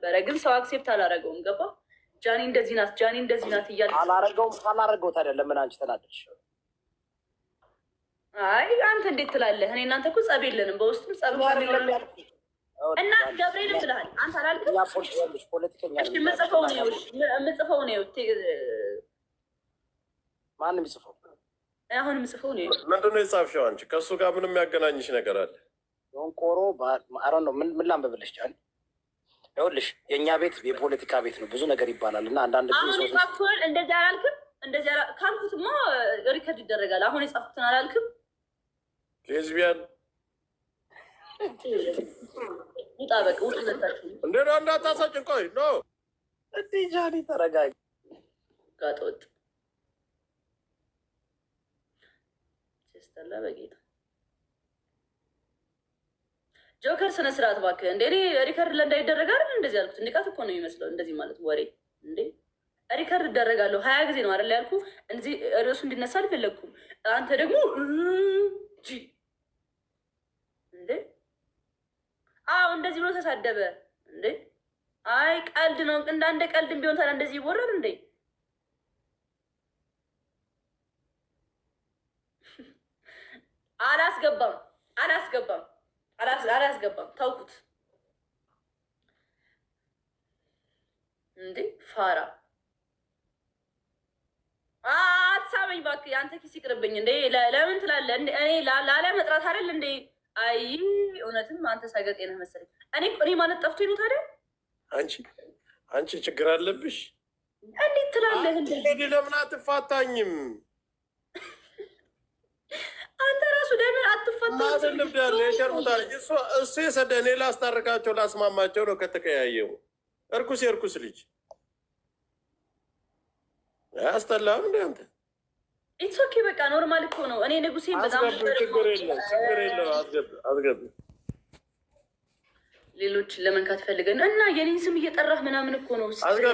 ነበረ፣ ግን ሰው አክሴፕት አላረገውም። ገባ ጃኒ እንደዚህ ናት፣ ጃኒ እንደዚህ ናት እያለ አላረገውም። ካላረገው ታዲያ ለምን አንቺ ተናደድሽ? አይ አንተ እንዴት ትላለህ? እኔ እናንተ እኮ ጸብ የለንም፣ በውስጥም ጸብ እና ገብርኤልም ብለሃል አንተ አላልክም? የምጽፈው ነው የምጽፈው ነው ማንም ይጽፈው አሁን ምጽፈው ነው። ምንድነው ነው የጻፍሽው አንቺ? ከእሱ ጋር ምንም ያገናኝሽ ነገር አለ? ዶንቆሮ ምን ላንብብልሽ ጃኒ ይኸውልሽ የእኛ ቤት የፖለቲካ ቤት ነው፣ ብዙ ነገር ይባላል እና አንዳንድ ጊዜ አሁን እንደዚህ አላልክም። እንደዚህ ካልኩትማ ሪከርድ ይደረጋል። አሁን የጻፍኩትን አላልክም። ሌዝቢያን ውጣ፣ በቃ ውጡ። ነታችሁ እንደ ነው እንዳታሳጭን። ቆይ ኖ እንዲ ጃኒ ተረጋግ። ጋጠወጥ ስተላ በጌታ ጆከር ስነ ስርዓት እባክህ። እንዴ እኔ ሪከርድ ለእንዳይደረግ አይደል እንደዚህ ያልኩት። ንቃት እኮ ነው የሚመስለው እንደዚህ ማለት ወሬ። እንዴ ሪከርድ እደረጋለሁ ሀያ ጊዜ ነው አይደል ያልኩ። እንደዚህ ርዕሱ እንዲነሳ አልፈለግኩም። አንተ ደግሞ ጂ እንዴ አዎ እንደዚህ ብሎ ተሳደበ እንዴ። አይ ቀልድ ነው እንዳንደ ቀልድ ቢሆን ታዲያ እንደዚህ ይወራል እንዴ? አላስገባም አላስገባም አላስገባም ተውኩት። እንዴ ፋራ አትሳበኝ እባክህ፣ አንተ ኪስ ይቅርብኝ። እንዴ ለምን ትላለህ? እንዴ እኔ ላለ መጥራት አይደል እንዴ? አይ እውነትም አንተ ሰገጤ ነህ መሰለኝ። እኔ እኔ ማለት ጠፍቶ ይሉት አይደል? አንቺ አንቺ ችግር አለብሽ እንዴት ትላለህ? እንዴ ለምን አትፋታኝም? እሱ ለምን አትፈታም? እሱ የሰደ እኔ ላስታርቃቸው ላስማማቸው ነው። ከተቀያየው እርኩስ የእርኩስ ልጅ አያስጠላም እንደ አንተ ኢትሶኬ በቃ ኖርማል እኮ ነው። እኔ ንጉሴ በጣም ሌሎች ለመንካት ፈልገን እና የኔን ስም እየጠራህ ምናምን እኮ ነው።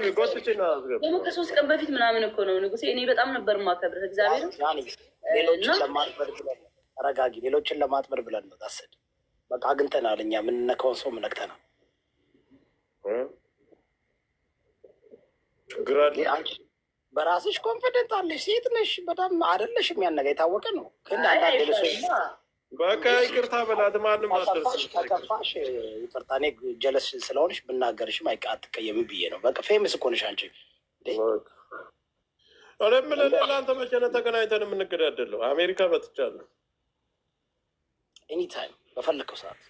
ደግሞ ከሶስት ቀን በፊት ምናምን እኮ ነው ንጉሴ። እኔ በጣም ነበር ማከብርህ እግዚአብሔር ሌሎች ተረጋጊ። ሌሎችን ለማጥመድ ብለን ነው ታስድ በቃ አግኝተናል። እኛ የምንነካውን ሰው ምነክተናል። በራስሽ ኮንፊደንት አለሽ፣ ሴት ነሽ፣ በጣም አይደለሽም። ያን የታወቀ ነው። ግን አንዳንድ በቃ ይቅርታ በላት። ማንም ከከፋሽ ይቅርታ። እኔ ጀለስ ስለሆንሽ ብናገርሽም አትቀየም ብዬ ነው። በቃ ፌምስ እኮ ነሽ አንቺ። ምን ለአንተ መቼ ነው ተገናኝተን የምንገዳደለው? አሜሪካ መጥቻለሁ ኤኒታይም በፈለግከው ሰዓት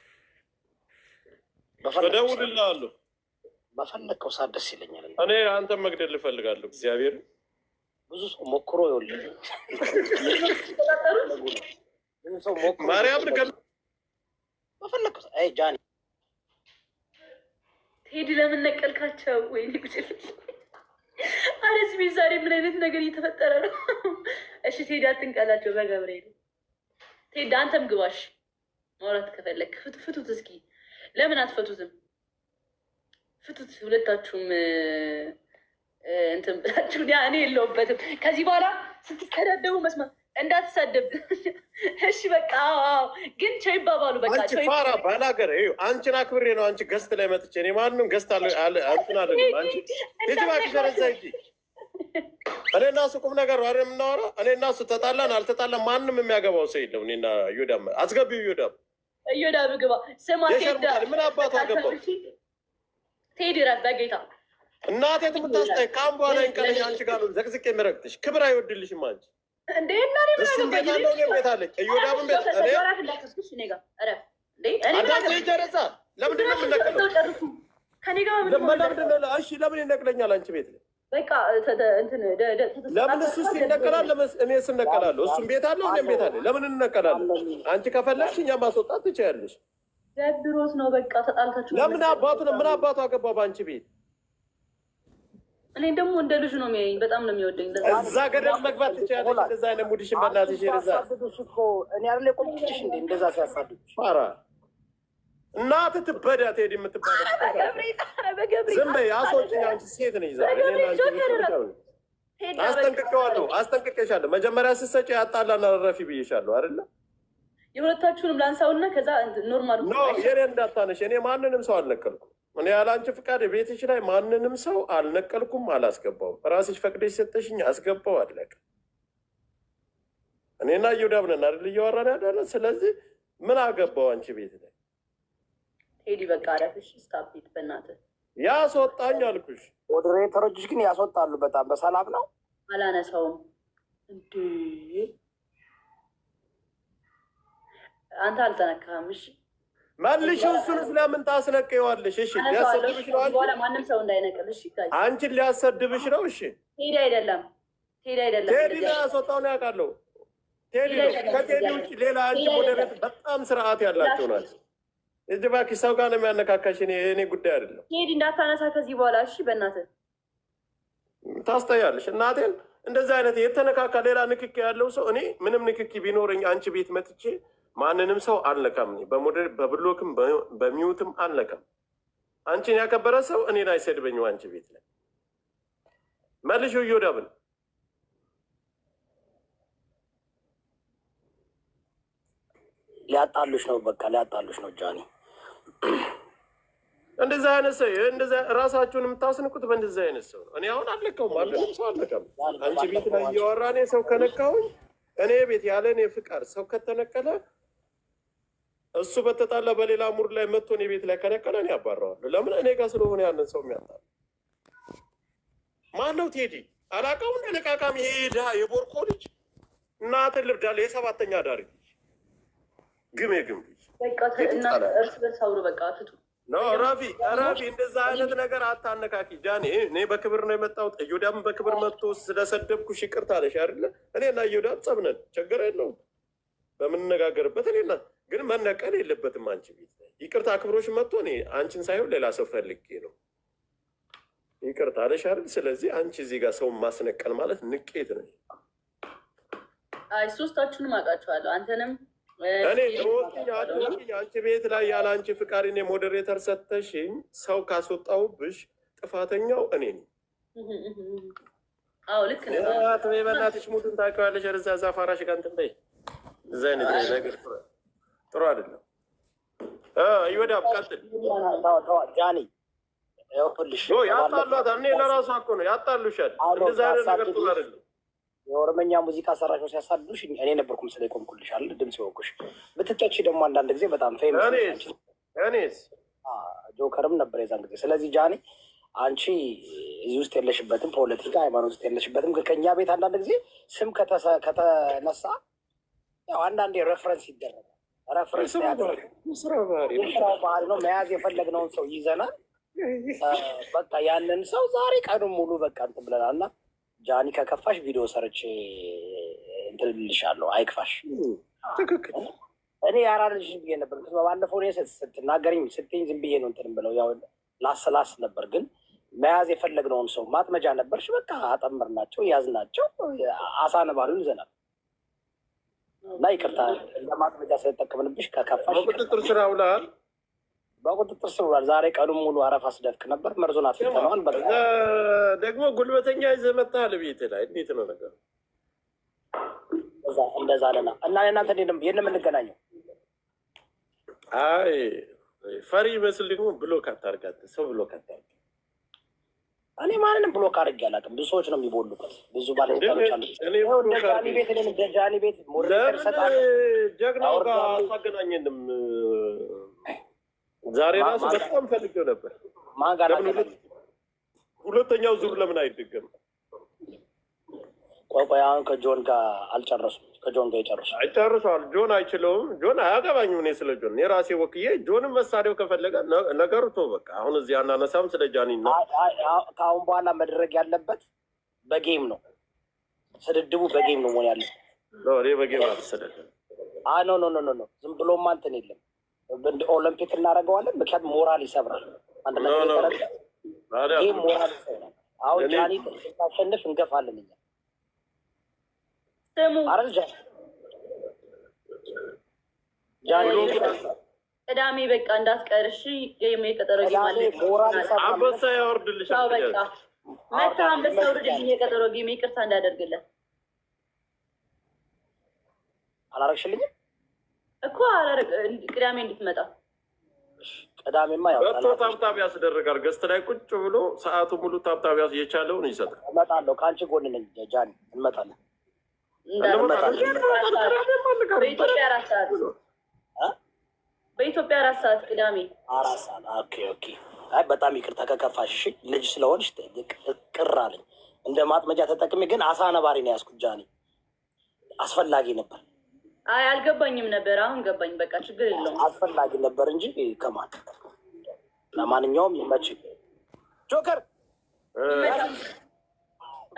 እደውልልሃለሁ። በፈለግከው ሰዓት ደስ ይለኛል። እኔ አንተን መግደል እፈልጋለሁ። እግዚአብሔር ብዙ ሰው ሞክሮ ይኸውልህ፣ ብዙ ሰው ማርያምን ገ ሰዓት ጃኒ ቴዲ ለምን ነቀልካቸው? ወይ ጉ አለስ ቤት ዛሬ ምን አይነት ነገር እየተፈጠረ ነው? እሺ ቴዲ አትንቀላቸው። በገብርኤል ቴዲ አንተም ግባሽ ማውራት ከፈለግ ፍቱት። እስኪ ለምን አትፈቱትም? ፍቱት ሁለታችሁም እንትን ብላችሁ። እኔ የለውበትም ከዚህ በኋላ ስትስተዳደቡ መስማት እንዳትሳደብ። እሺ በቃ አዎ፣ ግን ቸው ይባባሉ። በቃ ፋራ ባላገር አንቺን አክብሬ ነው አንቺ ገስት ላይ መጥቼ እኔ ማንም ገስት አንቺን አለ ልጅ ባክሸረዛ እንጂ እኔ እና እሱ ቁም ነገር ነው የምናወራው። እኔ እና እሱ ተጣላን አልተጣላን ማንም የሚያገባው ሰው የለም። እኔና ዩዳም አስገቢው ዩዳም እየዳ ምግባ ስማ፣ ምን አባቷ ገባው ቴዲ ራስ በጌታ እናቴ የምታስጠይ ከአሁን በኋላ ይንቀለኝ። አንቺ ጋር ነው ዘቅዝቅ የሚረግጥሽ። ክብር አይወድልሽም አንቺ እንዴ እሱም ቤት አለው ቤት አለኝ። እዮዳብን ቤት ዳረሳ ለምንድን የምነቅለው? ለምንድን እሺ፣ ለምን ይነቅለኛል? አንቺ ቤት ላይ በቃ ለምን እሱ ይነቀላል? እኔ ስነቀላለሁ። እሱም ቤት አለው፣ እኔም ቤት አለ። ለምን እንነቀላለን? አንቺ ከፈለግሽ እኛ ማስወጣት ትችያለሽ። ዘድሮት ነው በቃ ተጣልታችሁ። ለምን አባቱ ነው ምን አባቱ አገባ በአንቺ ቤት? እኔ ደግሞ እንደ ልጁ ነው የሚያየኝ። በጣም ነው የሚወደኝ። እዛ ገደል መግባት ትችያለሽ። እንደዛ አይነት ሙድሽን በእናትሽ ይርዛ። እኔ አለ ቆምችሽ እንዴ እንደዛ ሲያሳድች እናት ትበዳ ትሄድ የምትባለው ዝም አስወጪኝ አንቺ ሴት ነኝ። አስጠንቅቄዋለሁ፣ አስጠንቅቄሻለሁ። መጀመሪያ ስትሰጪ አጣላና ረፊ ብዬሻለሁ አይደለ? የሁለታችሁንም ላንሳውና ከዛ ኖርማል የኔ እንዳታነሽ። እኔ ማንንም ሰው አልነቀልኩም። እኔ ያላንቺ ፍቃድ ቤትሽ ላይ ማንንም ሰው አልነቀልኩም፣ አላስገባውም። ራስሽ ፈቅደሽ ሰጠሽኝ፣ አስገባው። አለቀ። እኔና እዮዳብ ነን አይደል እያወራን ያለ። ስለዚህ ምን አገባው አንቺ ቤት ላይ ሄዲ በቃ አረፍሽ ስታፒት በእናትህ ያስወጣኝ አልኩሽ። ሞዴሬተሮች ግን ያስወጣሉ። በጣም በሰላም ነው አላነሳውም። እንዴ አንተ አልጠነካህም። እሺ መልሽው። እሱን ስለምን ታስለቀዋለሽ? እሺ ሊያሰድብሽ ነው። ማንም ሰው እንዳይነቅል። እሺ አንቺን ሊያሰድብሽ ነው። እሺ ቴዲ አይደለም፣ ቴዲ አይደለም። ቴዲ ነው ያስወጣው ነው ያውቃለሁ። ቴዲ ነው። ከቴዲ ውጭ ሌላ አንቺ ሞዴሬት በጣም ስርዓት ያላቸው ናቸው። እዚህ እባክሽ ሰው ጋር ነው የሚያነካካሽ። እኔ ጉዳይ አይደለም። ሄድ እንዳታነሳ ከዚህ በኋላ እሺ። በእናትህ ታስተያለሽ እናቴን። እንደዚህ አይነት የተነካካ ሌላ ንክኪ ያለው ሰው እኔ ምንም ንክኪ ቢኖረኝ አንቺ ቤት መጥቼ ማንንም ሰው አልነካም። በሞዴል በብሎክም በሚዩትም አልነካም። አንቺን ያከበረ ሰው እኔን አይሰድበኝም። አንቺ ቤት ላይ መልሽ እዮዳብን ሊያጣሉሽ ነው። በቃ ሊያጣሉሽ ነው ጃኒ እንደዚህ አይነት ሰው እንደዚ ራሳችሁን የምታስንቁት በእንደዚህ አይነት ሰው እኔ አሁን አለቀው ማለም ሰው አለቀም። አንቺ ቤት ላይ እያወራ እኔ ሰው ከነካውኝ እኔ ቤት ያለ እኔ ፍቃድ ሰው ከተነቀለ እሱ በተጣላ በሌላ ሙር ላይ መጥቶ እኔ ቤት ላይ ከነቀለ እኔ አባረዋለሁ። ለምን እኔ ጋር ስለሆነ ያንን ሰው የሚያጣል ማነው? ቴዲ አላቀው እንደ ነቃቃም የሄዳ የቦርኮ ልጅ እናትን ልብዳለ የሰባተኛ ዳሪ ግሜ ግም እርስ በርስ እንደዛ አይነት ነገር አታነካኪ። ጃኒ እኔ በክብር ነው የመጣሁት። እዮዳም በክብር መጥቶ ስለሰደብኩሽ ይቅርታ አለሽ አይደለ? እኔ እና እዮዳም ችግር የለውም በምንነጋገርበት። ግን መነቀል የለበትም አንቺ ቤት ይቅርታ መጥቶ እኔ አንቺን ሳይሆን ሌላ ሰው ፈልጌ ነው ይቅርታ አለሽ አይደል? ስለዚህ አንቺ እዚህ ጋር ሰውን ማስነቀል ማለት ንቄት ነው። አይ ሶስታችሁንም አውቃችኋለሁ አንተንም እኔ ወኪኝ አንቺ ቤት ላይ ያለ አንቺ ፍቃድ እኔ ሞዴሬተር ሰተሽኝ ሰው ካስወጣውብሽ ጥፋተኛው እኔ ነኝ። ትቤ በእናትሽ ሙድን ታውቂዋለሽ። እዛ እዛ ፋራሽ ጋር እንትን በይ። እዚ አይነት ነገር ጥሩ አይደለም። ይወዳ ቀጥል። ያጣሏታል። እኔ ለራሷ እኮ ነው ያጣሉሻል። እንደዛ ነገር ጥሩ አይደለም። የኦሮመኛ ሙዚቃ ሰራሽ ነው ሲያሳዱሽ፣ እኔ ነበርኩም ስለ ቆምኩልሻል። ድምፅ ይወቁሽ። ብትጫቺ ደግሞ አንዳንድ ጊዜ በጣም ፌመስ ጆከርም ነበር የዛን ጊዜ። ስለዚህ ጃኒ አንቺ እዚህ ውስጥ የለሽበትም፣ ፖለቲካ ሃይማኖት ውስጥ የለሽበትም። ከኛ ቤት አንዳንድ ጊዜ ስም ከተነሳ ያው አንዳንዴ ሬፈረንስ ይደረጋል። ስራው ነው። መያዝ የፈለግነውን ሰው ይዘናል። በቃ ያንን ሰው ዛሬ ቀኑን ሙሉ በቃ እንትን ብለናል እና ጃኒ ከከፋሽ ቪዲዮ ሰርቼ እንትን እልልሻለሁ። አይክፋሽ። እኔ ያራ ልጅ ብዬ ነበር። ባለፈው ስትናገርኝ ስትኝ ዝም ብዬ ነው እንትን ብለው ያው ላስላስ ነበር፣ ግን መያዝ የፈለግነውን ሰው ማጥመጃ ነበርሽ። በቃ አጠምር ናቸው ያዝ ናቸው አሳ ነባሪውን ይዘናል። እና ይቅርታ ለማጥመጃ ስለጠቀምንብሽ ከከፋሽ ቁጥጥር ስራ ውላል በቁጥጥር ስር ውሏል። ዛሬ ቀኑን ሙሉ አረፋ ስደፍቅ ነበር። መርዞን አትፍተነዋል። ደግሞ ጉልበተኛ ይዘህ መጥተሃል። ቤት ላይ እንዴት ነው ነገር? እንደዛ አለና እና እናንተ የት የምንገናኘው? አይ ፈሪ ይመስል ደግሞ ብሎክ አታርጋት፣ ሰው ብሎክ አታርጋ። እኔ ማንንም ብሎክ አድርጌ አላውቅም። ብዙ ሰዎች ነው የሚቦሉበት። ብዙ ባለቤታሎች ቤት ደጃኒ ቤት ሞደ ጀግናው ጋር አታገናኘንም ዛሬ ራሱ በጣም ፈልጌው ነበር። ሁለተኛው ዙር ለምን አይደገም? ቆይ ቆይ አሁን ከጆን ጋር አልጨረሱም። ከጆን ጋር ይጨርሱ አይጨርሷል። ጆን አይችለውም። ጆን አያገባኝም። እኔ ስለ ጆን የራሴ ወክዬ ጆንም መሳሪያው ከፈለገ ነገሩ ቶ በቃ አሁን እዚህ አናነሳም። ስለ ጃኒ ከአሁን በኋላ መድረግ ያለበት በጌም ነው። ስድድቡ በጌም ነው መሆን ያለ። እኔ በጌም አልሰደድም። ኖ ኖ ኖ ኖ ዝም ብሎ ማንትን የለም ኦሎምፒክ እናደርገዋለን። ምክንያቱም ሞራል ይሰብራል። አንድ ይህ ሞራል ይሰብራል። አሁን ጃኒ እንገፋለን እኛ ቅዳሜ በቃ እንዳትቀርሽ የቀጠሮ አንበሳ ያወርድልሻል። በቃ መታ አንበሳ የቀጠሮ ይቅርታ እንዳደርግለን አላረግሽልኝም እኮ ቅዳሜ እንድትመጣ ቅዳሜማ ታብታብ ያስደርጋል። ገስት ላይ ቁጭ ብሎ ሰዓቱ ሙሉ ታብታብ ያስ የቻለውን ይሰጣል። እመጣለሁ፣ ከአንቺ ጎን ነኝ ጃኒ፣ እንመጣለን። በኢትዮጵያ አራት ሰዓት ቅዳሜ አራት ሰዓት ኦኬ ኦኬ። አይ በጣም ይቅርታ ከከፋሽ፣ ልጅ ስለሆንሽ ቅር አለኝ። እንደ ማጥመጃ ተጠቅሜ ግን አሳ ነባሪ ነው ያዝኩት ጃኒ፣ አስፈላጊ ነበር። አይ አልገባኝም ነበር። አሁን ገባኝ። በቃ ችግር የለውም። አስፈላጊ ነበር እንጂ ከማን ለማንኛውም ይመች ጆከር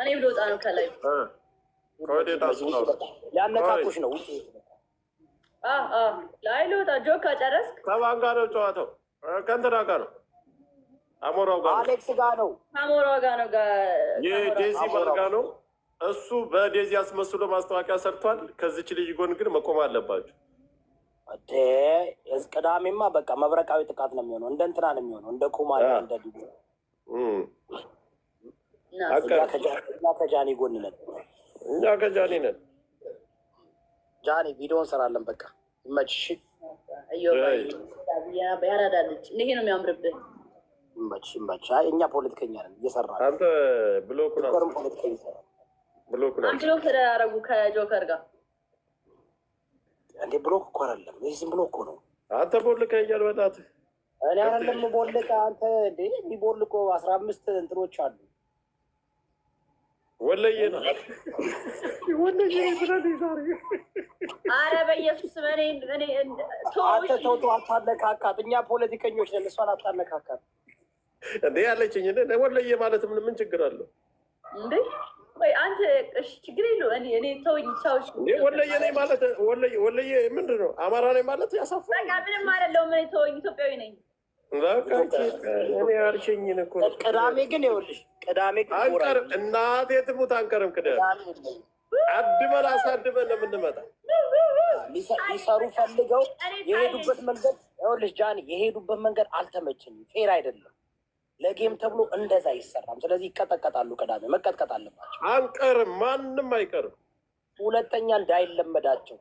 እኔ ብሎጣ ነው ከላይ ሊያነቃቁሽ ነው። ላይ ልወጣ ጆካ ጨረስክ? ከማን ጋር ነው ጨዋታው? ከንትና ጋር ነው አሞራው ጋር ነው አሌክስ ጋር ነው አሞራው ጋር ነው ጋር ዴዚ ጋር ነው እሱ በዴዚ አስመስሎ ማስታወቂያ ሰርቷል። ከዚች ልጅ ጎን ግን መቆም አለባቸው። ቅዳሜማ በቃ መብረቃዊ ጥቃት ነው የሚሆነው። እንደ እንትና ነው የሚሆነው፣ እንደ ኩማ እንደ ዲቦ እኛ ከጃኒ ጎን ነን። እኛ ከጃኒ ነን። ጃኒ ቪዲዮ እንሰራለን። በቃ ይመችሽ። ያራዳለች። ይሄ ነው የሚያምርብን ይመችሽ፣ ይመችሽ። እኛ ፖለቲከኛ ነን፣ እየሰራ አንተ ብሎኩን ፖለቲከኛ ብሎክ ተደራረጉ ከጆከር ጋር እንዴ? ብሎክ እኮ አይደለም ይህ ዝም ብሎ እኮ ነው። አንተ ቦልቀ እያል በጣት እኔ አይደለም ቦልቀ አንተ እንዴ እንዲቦልቆ አስራ አምስት እንትኖች አሉ። ወለየ ነው ወለየ ነው ብለህ አረ በኢየሱስ አንተ ተውቶ አታነካካት። እኛ ፖለቲከኞች ነን፣ እሷን አታነካካት። እንዴ ያለችኝ ወለየ ማለት ምን ምን ችግር አለው እንዴ? አንተ ችግር የለውም። እኔ እኔ ተወኝ። ቻውሽ ነኝ ማለት ምንድን ነው? አማራ ነኝ ማለት ያሳፍራል። ምንም አይደለሁም። እኔ ተወኝ። ኢትዮጵያዊ ነኝ። ቅዳሜ ግን ይኸውልሽ፣ ቅዳሜ አንቀርም። እናቴ ትሙት አንቀርም። ቅዳሜ ሊሰሩ ፈልገው የሄዱበት መንገድ ይኸውልሽ፣ ጃኒ የሄዱበት መንገድ አልተመቸኝም። ፌር አይደለም ለጌም ተብሎ እንደዛ አይሰራም። ስለዚህ ይቀጠቀጣሉ። ቅዳሜ መቀጥቀጥ አለባቸው። አንቀርም፣ ማንም አይቀርም። ሁለተኛ እንዳይለመዳቸው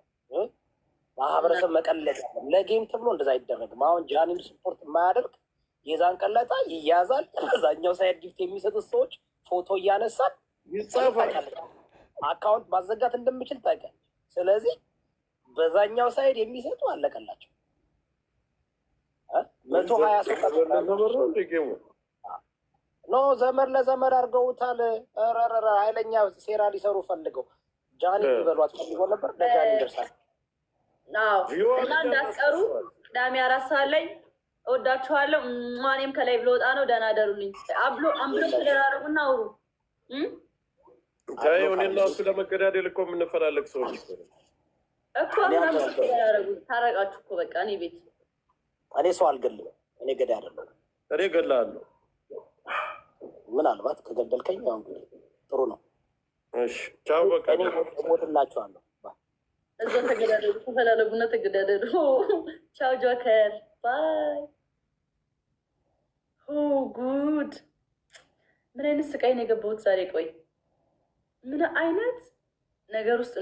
ማህበረሰብ መቀለድ ያለም ለጌም ተብሎ እንደዛ አይደረግም። አሁን ጃኒም ስፖርት የማያደርግ የዛን ቀለጣ ይያዛል። በዛኛው ሳይድ ጊፍት የሚሰጡት ሰዎች ፎቶ እያነሳል ይጻፋል። አካውንት ማዘጋት እንደምችል ታውቂያለሽ። ስለዚህ በዛኛው ሳይድ የሚሰጡ አለቀላቸው መቶ ሀያ ሶስት ኖ ዘመድ ለዘመድ አድርገውታል። ረረረ ኃይለኛ ሴራ ሊሰሩ ፈልገው ጃኒ ሊበሏት ፈልጎ ነበር። ለጃኒ ይደርሳል እና እንዳትቀሩ ቅዳሜ አራት ሰዓት ላይ እወዳችኋለሁ። እኔም ከላይ ብለወጣ ነው። ደህና ደሩልኝ። አብሎ አምብሎ ስለራረጉና አውሩ እኔና እሱ ለመገዳደል እኮ የምንፈላለግ ሰዎች እኮ ምናምን ያደረጉ ታረቃችሁ እኮ በቃ እኔ ቤት እኔ ሰው አልገልም። እኔ ገዳ አደለ እኔ ገላ ገላለሁ ምናልባት ከገደልከኝ ያው ጥሩ ነው። ሞትላቸዋለሁ። እዛ ተገዳደሩ፣ ተፈላለጉና ተገዳደሩ። ቻው ጆከር ባይ። ጉድ! ምን አይነት ስቃይ ነው የገባሁት ዛሬ? ቆይ ምን አይነት ነገር ውስጥ